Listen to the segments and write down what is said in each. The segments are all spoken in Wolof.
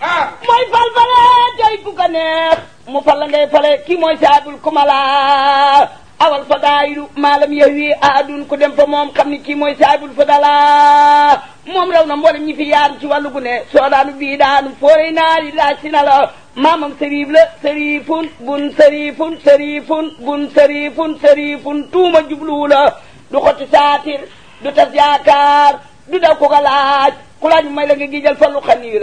Ah! mooy fal fale jay ku ko neex mu fal la ngay fale kii mooy saabul kumala awal fadaayilu maalam yahwi aadun ku dem moom xam ni kii mooy saabul fadala moom raw na mboolem ñi fi ci wàllu gune soo daanu bii daanu fooree naari laaj si na maamam sëriif la sëriifun bun sëriifun sëriifun bun sëriifun sëriifun tuuma jubluwu du xotti saatir du tas yaakaar du daw ko ko laaj ku laaj may la nga gijal fa lu xanii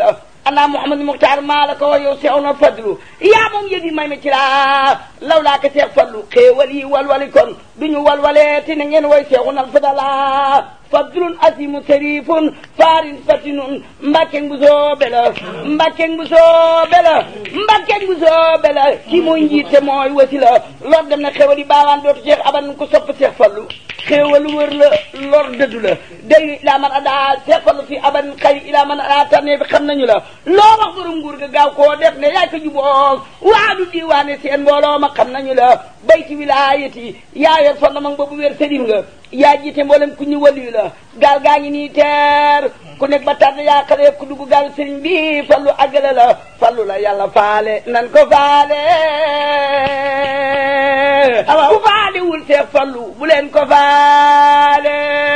xanaa Mouhamadou Mokhtar maa la ko wax yow sew na fadlu yaa moom yëgi may ma ci laa law laa ko seex fadlu xéewal yi walwali kon du ñu walwalee te na ngeen way seexu nal fadala fadlun asimu serifun faarin fatinun mbàkkeng bu soobe la bu soobe la mbàkkeng bu soobe ki mooy njiite mooy wasi la loolu dem na xéewal yi aban ko sopp seex fadlu xéewal wër la lor dëddu la day a man adaa seqalu fi aban xëy ilaa man adaa tànnee bi xam nañu la loo wax borom nguur ga gaaw koo def ne yaay ko juboog waadu diwaane seen mbooloo ma xam nañu la bay ci wilaayat yi yaayal sonn mag ba bu wér sëriñ nga yaa jiite mboolem ku ñu waliyu la gaal gaa ngi nii teer ku nekk ba tànn yaa xaree ku dugg gaal sëriñ bi fallu àggale la fallu la yàlla faale nan ko faale faale wul Seex Fallu bu leen ko faale